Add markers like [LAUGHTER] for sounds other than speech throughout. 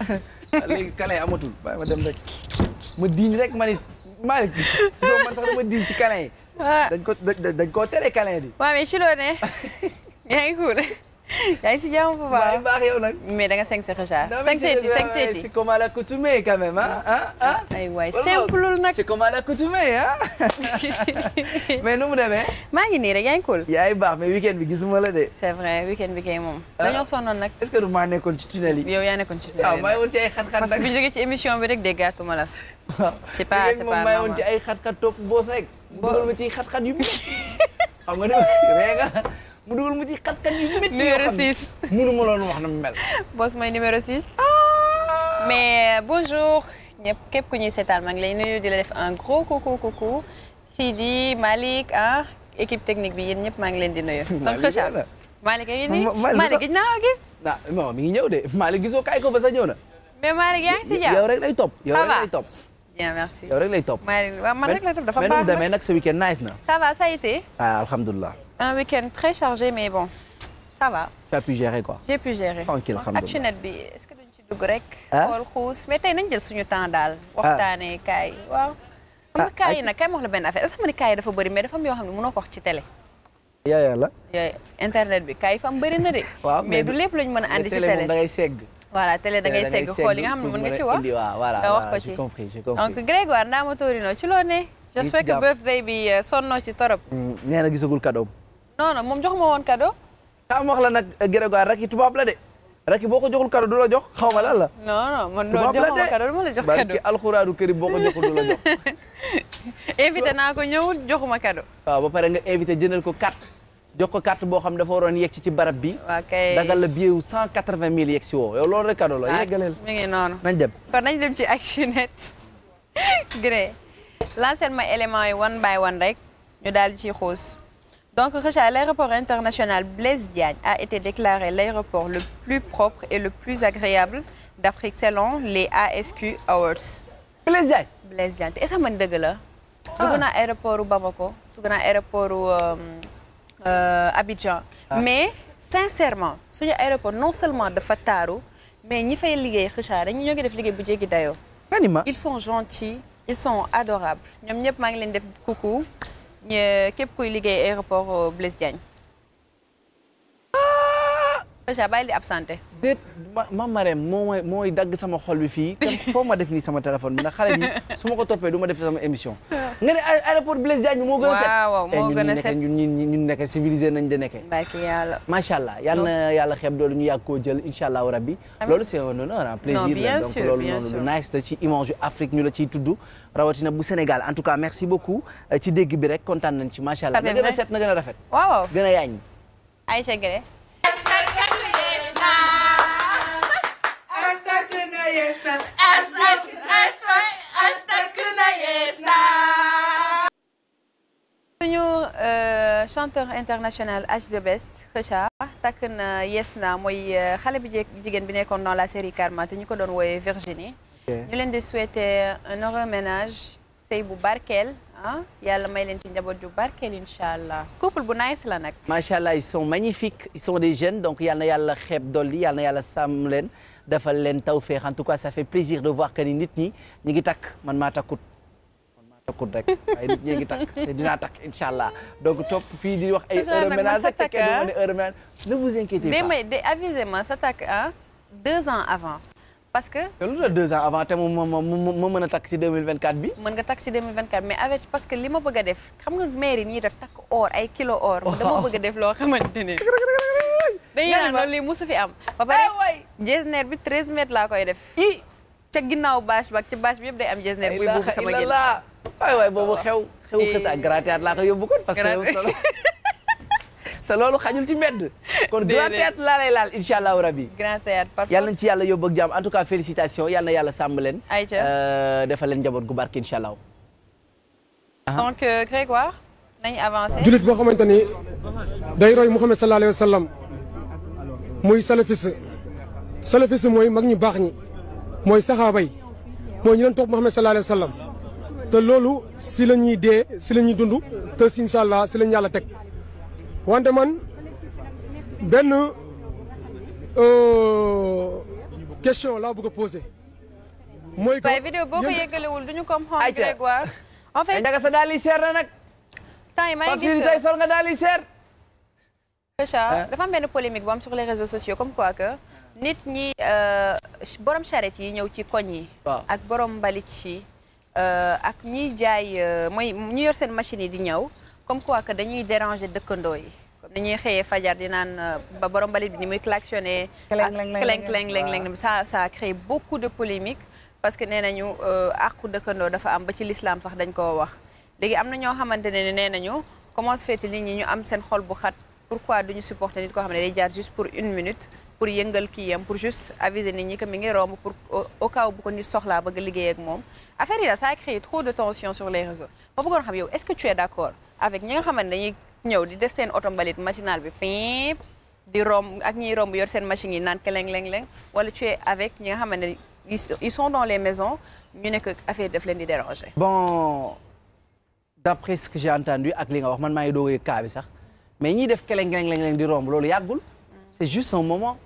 [LAUGHS] léegi câlin amatul bàyyi ma dem rek ma diin rek ma ni Malick soo man sax dama diin ci câlin yi ah. dañ ko dañ koo tere câlin di waaw mais ci loo ne [LAUGHS] yaa ngi [LAUGHS] yaa ngi si jàmm bu baax baax yow nag. mais da nga se seeti xaar. cinq seeti cinq seeti c'est comme à l'accoutumée quand même ah ah. ay waay simple nag c'est comme à l'accoutumée ah. [LAUGHS] mais nu mu demee. maa ngi nii rek yaa ngi cool. yaa ngi baax mais weekend bi gisuma la de. c'est vrai weekend bi kay moom. Ah. dañoo sonnoon nag. est-ce que du maa nekkoon ci tunnel yi. yow yaa nekkoon ci tunnel ah, yi waaw maa ngi woon ci ay xat-xat nag. parce que bu ñu jógee ci émission bi rek déggaatuma la. Ah. c'est pas c'est pas normal maa ngi woon ci ay xat-xat topp yu [LAUGHS] mu dugal mu ci xat-xat yu métti numéro 6 mënu ma loon wax na mel. boss mooy numéro 6. Ah! mais bonjour. ñëpp képp ku ñuy seetaan maa ngi lay nuyu di la def un gros coucou coucou Sidi Malick ah équipe technique bi yéen ñëpp maa ngi leen di nuyu. donc [LAUGHS] Kheucha Malick a ngi nii Malick gis naa gis. mi ngi ñëw de Malick gisoo kaay ko ba sa ñëw na. mais Malick yaa ngi si lay topp yow rek lay topp. na. ça va ça un week-end très chargé mais bon ça va. tu as pu gérer quoi. j'ai pu gérer. tranquille ah, alhamdulilah bi est ce que duñ ci dugg rek. xool xuus mais tey nañ jël suñu temps daal. Ah. waxtaanee kaay waaw. xam ah, nga kaay na nag kaay ma la benn affaire est ce que xam dafa bëri mais dafa am yoo xam ne mënoo ko wax ci télé. yaa yàlla. internet bi kaay fa bari na de. [LAUGHS] waaw mais du lépp lañ mën a andi ci télé da ngay segg. voilà télé da ngay segg xool li nga xam ne mën nga ci wax. nga wax ko ci donc Grégoire Ndama Torino ci loo ne. j'espère que birthday bi euh, sonnoo ci torop. Mm, nee na gisagul non non moom joxuma woon cadeau. ah ma wax la nag eh, Grégoire rek tubaab la de rek boo ko joxul cadeau du la jox xaw ma lan la. non non man loolu joxuma cadeau du ma la jox cadeau alxuraanu kërim boo ko joxul du la jox. [LAUGHS] invité naa ko ñëwul joxuma ma waaw ba pare nga invité jëndal ko carte. jox ko carte boo xam dafa waroon yegg ci barab bi. ok dagal la billet wu cent quatre vingt si woo yow loolu rek cadeau la yeggaleel. mi noonu nañ dem. kon nañ dem ci Actu-Net. [LAUGHS] Gré lancé ma élément yi one by one rek ñu daal di ciy xuus. Donc, Recha, l'aéroport international Blaise Diagne a été déclaré l'aéroport le plus propre et le plus agréable d'Afrique selon les ASQ Awards. Blaise Diagne Blaise Diagne man dëgg la. Ah. dugg naa aéroport Bamako dugg naa aéroport euh, euh, Abidjan. Ah. mais sincèrement suñu aéroport non seulement dafa taaru mais ñi fay liggéey Recha dañu ñoo ngi def liggéey bu jéggi dayoo. ils sont gentils ils sont adorables ñoom ñëpp maa ngi leen def coucou. képp kuy liggéey aéroport euh, Blaise Diagne Aïcha bàyyi ma Marème moo mooy dagg sama xol bi fii. foo ma def nii sama téléphone bi na xale bi su ma ko toppee du ma def sama émission. nga ne aéroport Blaise Diagne moo gën a moo gën a set eh, ñun ñun ñun nañ di nekkee. barke macha allah yal na yàlla xeeb doolu ñu yàgg koo jël incha allahu rabbi. loolu c'est un honneur un plaisir la donc loolu noonu lu nice la ci image Afrique ñu la ciy tudd. rawatina bu Sénégal en tout cas merci beaucoup euh, ci dégg bi rek kontaan nañ ci macha allah. na gën a set na gën rafet. jestem. Aż, aż, aż, aż takna jestem. suñu chanteur international Ash the Best Kheucha takk na yes na mooy e, xale bi jigéen bi nekkoon dans la série Karma te ñu ko doon wooyee Virginie. ñu leen di souhaiter un heureux ménage sëy bu barkeel. ah yàlla may leen ci njaboot ju barkeel incha allah couple bu nice la nag. macha allah ils sont magnifiques ils sont des jeunes donc yal na yàlla xeeb dolli yal na yàlla sàmm leen defal leen tawféex en tout cas ça fait plaisir de voir que nit ñi ñu ngi takk man maa takkut man maa takkut rek waaye nit ngi takk te dinaa takk incha allah donc topp fii di wax ay a ménage rek te ma ne heure vous inquiétez pas. sa takk ah deux ans avant. parce que. te lu la deux ans avant te mu ma ma mën a takk ci 2024 bi. mën nga takk ci 2024 mais avec parce li ma bëgg a def xam nga mairie ñiy def takk or ay kilo or. dama oh. bëgg a def loo xamante ne. dañuy naan loolu lii musu fi am. ba pare bi 13 laa koy def. i ca ginnaaw bâche ba ca bâche bi yëpp day am jesner buy boobu sama génn. waay waay boobu xew xew xësa ak gratiat laa ko yóbbu kon parce que. [LAUGHS] sa loolu xajul ci mbedd. [LAUGHS] kon grand théâtre laa lay laal incha allahu rabi. grand yàlla yóbbu ak jàmm en tout cas félicitations yal na yàlla leen. ayca euh, defal leen njaboot gu barke incha allah. donc euh, boo xamante ni day roy Mouhamed sallallahu alayhi wa muy mooy mag ñu baax ñi mooy saxaaba yi mooy ñu leen topp Mouhamed sallallahu te loolu si la ñuy dee si la ñuy dund te incha allah si la yàlla teg. wante man benn euh, question laa bëgg a posé. mooy que vidéo boo ko yëgalewul duñu comprendre Grégoire. en fait ñaga sa daal seer na nag. temps yi maa ngi gis tey nga daal di seer. dafa am benn polémique bom am sur les réseaux sociaux comme quoi que. nit ñi euh, borom charrette yi ñëw ci koñ yi. ak borom mbalit yi. Euh, ak ñiy jaay mooy ñi yor seen machine yi di ñëw. comme quoi que dañuy déranger dëkkandoo yi comme ni ñuy xëyee fajar di naan euh, ba borom mbalit bi ni muy klaxonné. cleng cleng cleng ah, cleng ça ça a créé beaucoup de polémique parce que nee nañu euh, àqu dëkkandoo dafa am ba ci l'islam sax dañ koo wax léegi am na ñoo xamante ne nee nañu comment se fait ñi ñu am seen xol bu xat pourquoi duñu supporter nit koo xam ne day jaar juste pour une minute pour yëngal kii yam pour juste aviser nit ñi que mi ngi romb pour au bu moom affaire a créé avec ñi nga xamante dañuy ñëw di def seen oto mbalit matinal bi pimp di romb ak ñiy romb yor seen machine yi naan keleng leng leng wala tu es avec ñi nga xamante ne ils sont dans les maisons ñu nekk affaire daf leen di déranger. bon d'après ce que j'ai entendu ak li nga wax man maa ngi doog a bi sax mais ñiy def keleng leng leng leng di romb loolu yàggul. c'est juste un moment.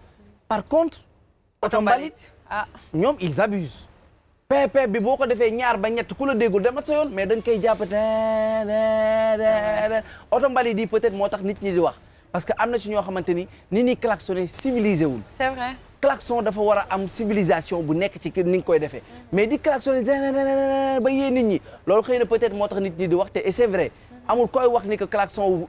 par contre. oto mbalit ah ñoom ils abusent. pp bi boo ko defee ñaar ba ñett ku la déggul demat sa yoon mais dañ koy jàpp de oto mbali di peut-être moo tax nit ñi di wax parce que am na ci ñoo xamante ni ni ñuy klaxonné civilisé wul. c'est vrai dafa war a am civilisation bu nekk ci ni nga koy defee mais di klaxonné ba yee nit ñi loolu xëy na peut-être moo tax nit ñi di wax te et c'est vrai amul koy wax ni que klaxon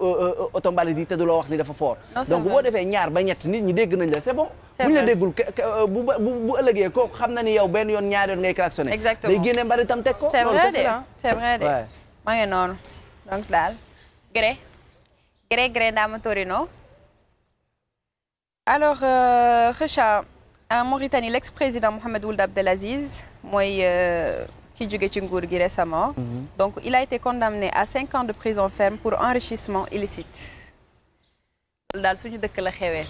oto mbalit yi te loo wax ni dafa fort donc boo defee ñaar ba ñett nit ñi dégg nañ la c'est bon buñ la déggul euh, bu bu ëllëgee kooku xam na ni yow benn yoon ñaar yoon ngay klaxonné exactement day génne mbalit tam teg ko c'est vrai de c'est vrai de maa ngi noonu donc daal gré gré gré Dama Torino alors Kheucha en Mauritanie l'ex-président Mohamed Ould Abdelaziz mooy euh, ki jóge ci nguur gi récemment mm -hmm. donc il a été condamné à cinq ans de prison ferme pour enrichissement illicite loolu daal suñu dëkk la xewee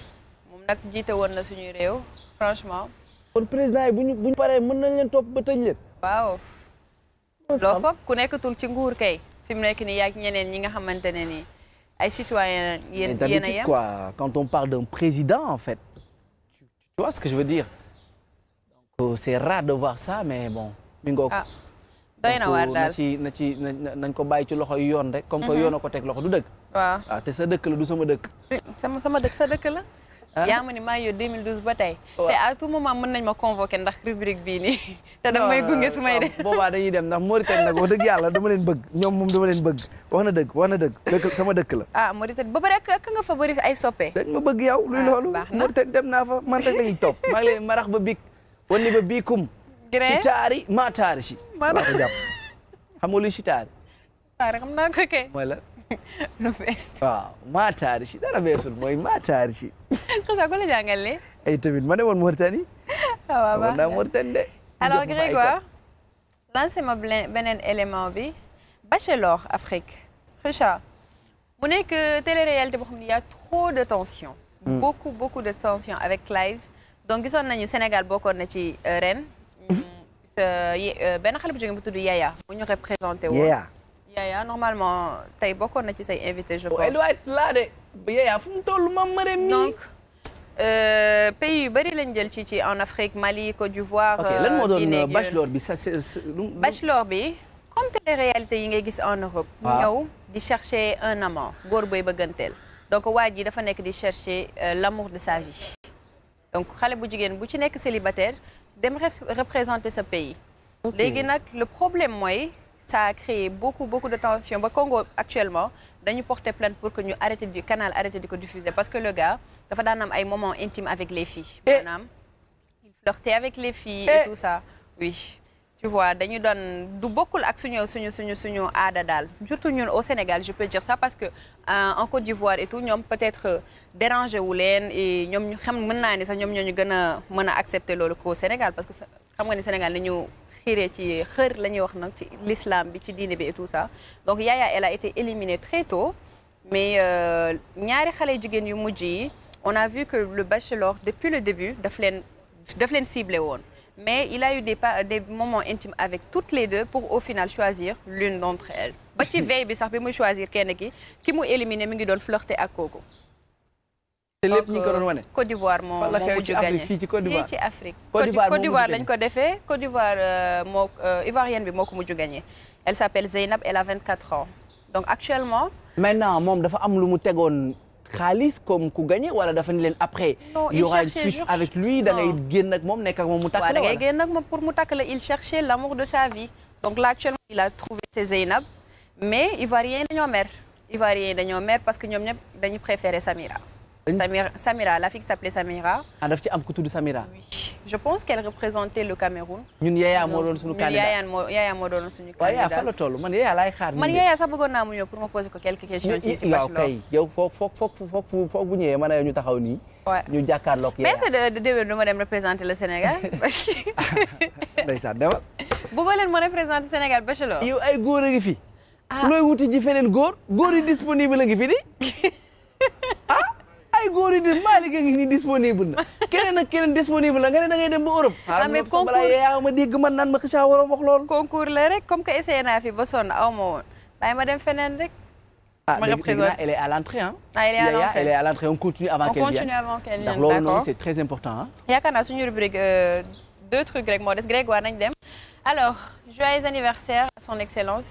moom nag jiite woon na suñuy réew franchement kon président yi bu ñu bu ñu paree mën nañ leen topp ba tëj leen waaw loo foog ku nekkatul ci nguur kay fi mu nekk ni yaag ñeneen ñi nga xamante ne nii ay citoyen yéen yéen a yem quoi quand on parle d'un président en fait tu vois ce que je veux dire euh, c'est rare de voir ça mais bon doy na waar daal na ci na nañ ko bàyyi ci loxo yi yoon rek comme que mhm. yoon ko teg loxo du dëkk waaw waaw ah, te sa dëkk la du sama dëkk sama sama dëkk sa dëkk la ah. yaa ma ni maa yow 2012 ba tey te à tout moment mën nañ ma convoqué ndax rubrique bii nii te damay gunge su may de boobaa dañuy dem ndax Mauritanie nag wax dëgg yàlla dama leen bëgg ñoom moom dama leen bëgg wax dëgg wax dëgg sama dëkk la ah Mauritanie ba bari ak ka nga fa ay soppe dañ bëgg yow luy ah, loolu Mauritanie dem naa fa man rek lañuy topp maa ngi leen marax ba bik wan ni ba biikum gré si taari maa taari si. maa ko jàpp [LAUGHS] xam nga luy si taari. taari xam naa ko kay. mooy la. [LAUGHS] lu bees. waaw maa taari si dara beesul mooy maa taari si. [LAUGHS] xasa ko la jàngalee. ay tamit ma ne woon Mauritanie. Ah, waaw waaw waaw naa Mauritanie de. alors Grégoire. lancé ma beneen élément bi. Bachelor Afrique. Richard. mu nekk télé-réalité boo xam ne y' a trop de tension. Hmm. beaucoup beaucoup de tension avec Clive. donc gisoon nañu Sénégal bokkoon na ci euh, ren. Euh, euh, benn xale bu jógee bu tudd Yaya bu ñu représenté woon. Yaya normalement tey bokkoon na ci say invité je oh, pense. laa de Yaya fu toll ma mëree mi. Euh, yu bëri lañ jël ci ci en Afrique Mali Côte d'Ivoire. ok lan moo doon bachelor bi comme télé-réalité yi ngay gis en Europe. Ah. ñëw di chercher un amant góor booy bëgganteel. donc waa ji dafa nekk di chercher l'amour de sa vie. donc xale bu jigéen bu ci nekk célibataire dem représenter sa pays. léegi nag le problème mooy ça a créé beaucoup de tension ba Congo actuellement dañu porter plainte pour que ñu arrêté du canal arrêté di ko diffuser parce que le gars dafa daan am ay moments intimes avec les filles. Eh. maanaam il flirtait avec les filles et eh. tout ça oui. tu vois dañu doon du bokkul ak suñu suñu suñu suñu aada daal surtout ñu au Sénégal je peux dire ça parce que euh, en Côte d'Ivoire et tout ñoom peut-être euh, dérangé wu leen et ñoom ñu xam mën naa ni sax ñoom ñoo ñu gën a mën a accepter loolu qu'au Sénégal parce que xam nga ni Sénégal ni ñu xiiree ci xër la ñuy wax nag ci l'islam bi ci diine bi et tout ça donc Yaya elle a été éliminée très tôt mais euh, ñaari xale jigéen yu mujj yi on a vu que le bachelor depuis le début def leen daf leen ciblé woon. mais il a eu des, des moments intimes avec toutes les deux pour au final choisir l'une d'entre elles ba ci veille bi sax bi muy choisir kenn ki ki mu éliminer mi ngi doon flirter ak kooku te lépp ñu ko doon wane Côte d'Ivoire moo moo mujj gagné fii ci Côte d'Ivoire fii ci Afrique Côte d'Ivoire lañ ko defee Côte d'Ivoire euh, moo euh, ivoirienne bi moo ko mujj gagné elle s'appelle Zeynab elle a 24 ans donc actuellement maintenant moom dafa am lu mu tegoon xaalis comme ku gagné wala dafa ni leen après. il y aura une avec lui da ngay moom nekk ak moom mu takk la. da ngay génn ak moom pour mu takk la il cherchait l'amour de sa vie donc là actuellement il a trouvé ses Zeynab mais Ivoiriens dañoo mer Ivoiriens dañoo mer parce que ñoom ñëpp dañu préféré Samira. Samira, Samira la fille s'appelait Samira. ah daf ci am ku tudd Samira. oui je pense qu'elle représentait le Cameroun. ñun Yaya moo doon suñu. candidat ñun Yaya moo doon suñu. candidat man Yaya laay xaar. naa mu ñëw pour ma poser ko quelques questions. ci ci waaw kay yow foog foog foog foog ñu taxaw nii. ñu jàkkaarloog Yaya. mais est-ce que de du ma dem représenter le Sénégal. [LAUGHS] [LAUGHS] ndeysaan demal. bëggoon leen ma représenter Sénégal bachelor. yow ay góor a ngi fi. Ah. looy wuti ji feneen góor góor yi disponible a fi di [LAUGHS] ay góor yi dis disponible na keneen ak keneen disponible la nga ne da ngay dem ba Europe. ah concours ma dégg man naan la rek comme que essayé naa fi ba sonn aw ma woon bàyyi ma dem feneen rek. ah elle est à l'entrée hein. ah elle on continue avant qu'elle vienne. on continue c'est très important ah. yaakaar naa suñu rubrique euh, deux trucs rek moo des Grégoire nañ dem. alors joyeux anniversaire à son excellence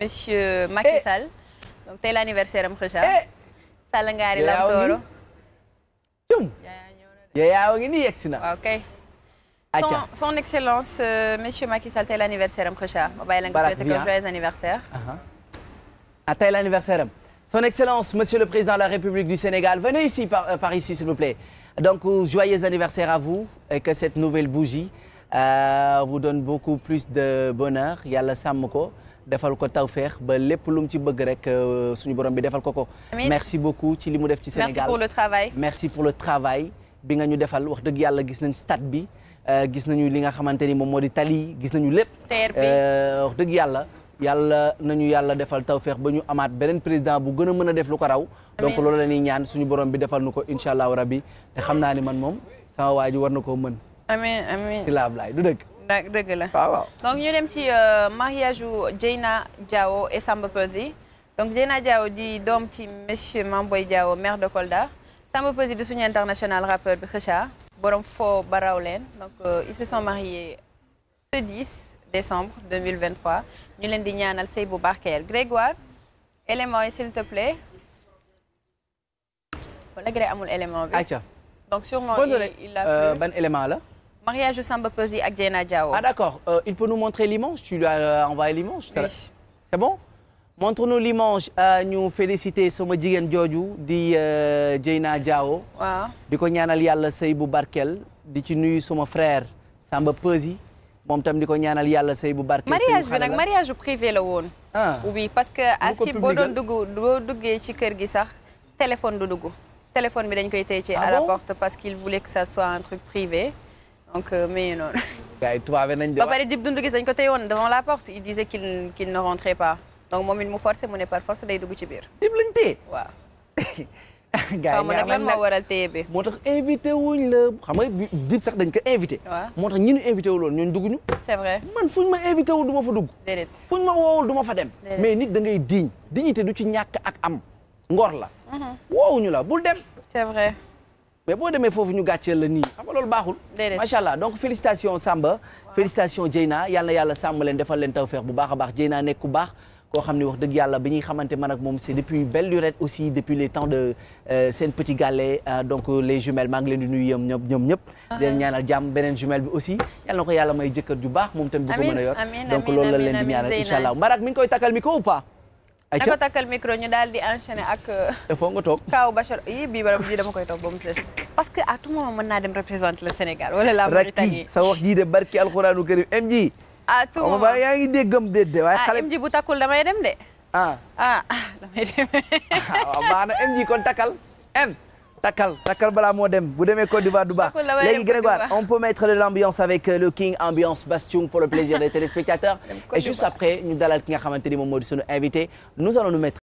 monsieur Macky eh. Sall. donc tey l'anniversaire am Kheucha. Eh. Sall Ngari Lam Tooro. yaayaa ngi nii yegsi na. ok son son excellence monsieur Macky Sall tey l'anniversaire am Kheucha. ma bàyyi la nga souhaité ko joyeux anniversaire. ah tey l'anniversaire am. son excellence monsieur le président de la République du Sénégal venez ici par euh, par ici s'il vous plaît. donc euh, joyeux anniversaire à vous et que cette nouvelle bougie euh, vous donne beaucoup plus de bonheur yàlla sàmm ko. defal ko tawféex ba lépp lu mu ci bëgg rek euh, suñu borom bi defal ko ko. merci beaucoup ci li mu def ci Sénégal merci pour le travail. merci pour le travail. bi nga ñu defal wax dëgg yàlla gis nañ stade bi euh, gis nañu li nga xamante ni moom moo di tali gis nañu lépp. Euh, wax dëgg yàlla yàlla nañu yàlla defal taw tawféex ba ñu amaat beneen président bu gën a mën a def lu ko raw. donc loolu la ñuy ñaan suñu borom bi defal nu ko incha allahu rabbi te xam naa ni man moom sama waa ji war na koo mën. amiin amiin si laab laay du dëgg. dëgg la waaw donc ñu dem ci euh, mariage u Dieyna Diawo et Samba Peuzzi donc Dieyna Diawo di doom ci monsieur Mamboy Diawo maire de Kolda. Samba Peuzzi de suñu international rappeur bi Kheucha borom foo ba raw leen donc euh, ils se sont mariés ce 10 décembre 2023 ñu leen di ñaanal sëy bu barkeel Grégoire élément yi s'il te plaît wala amul élément bi. ayca euh, ban élément la. mariage yu Samba Peuzzi ak Dieyna Diawo. ah d'accord euh, il peut nous montrer l'image tu lui as envoyé l'image. c'est bon. montre-nous l'image euh, ñu félicité sama jigéen jooju di Dieyna euh, Diao. waaw di ko ñaanal yàlla sëy bu barkel di ci nuyu sama frère Samba Peuzi moom tam di ko ñaanal yàlla sëy bu barkeel. mariage bi nag mariage privé la woon. ah oui parce que aski boo doon dugg boo dugge ci kër gi sax téléphone du dugg téléphone bi dañ koy téye ci ah à la porte parce qu'il voulait que ça soit un truc privé donc euh, mais noonu. gars yi nañ de. ba pare dib dund gis dañ ko téye woon devant la porte il disait donc moom it mu forcé mu ne par force day dugg ci biir. dib lañ téye waaw. [LAUGHS] moo waral téye moo tax invité wuñ la xam nga dib sax dañ ko invité. waaw moo tax ñi ñu invité wu loon ñooñu dugg ñu. c'est vrai man fuñ ma invité wul du ma fa dugg. déedéet fuñ ma woowul fa dem. mais nit da ngay diñ te du ci ñàkk ak am. ngor la. Mm-hmm. ñu la bul dem. c'est vrai. mais boo demee foofu ñu gàcceel la nii xam nga loolu baaxul. macha allah donc félicitations Samba. félicitations Dieyna yàlla na yàlla sàmm leen defal leen taw feex bu baax a baax naa nekk ku baax. koo xam ne wax dëgg yàlla bi ñuy xamante man moom c'est depuis belle lurette aussi depuis les temps de euh, seen petit galet euh, donc euh, les jumelles maa ngi leen di nuyu yëm ñoom ñaanal jàmm beneen jumelle aussi yàlla na ko yàlla may jëkkër ju baax moom tamit bu ko mën donc loolu leen di ñaanal incha allah Mbarak mi ngi koy takkal micro ou pas ay na takkal micro ñu daal di enchaîner ak. foo nga toog Kaaw Bachar yi bii bala bii dama koy toog ba mu sës. ah tout moment ba yaa ngi déggam déedéet waaye xale MJ bu takkul damay dem de. ah ah, ah damay ah, dem. waaw baax na MJ kon takkal M. Takal, Takal balaa moo dem bu demee Côte d'Ivoire du baax léegi Grégoire on peut mettre de l'ambiance avec euh, le King Ambiance Bastion pour le plaisir des [LAUGHS] téléspectateurs et juste après ñu dalal ki nga xamante ni moom moo di sunu invité nous allons nous mettre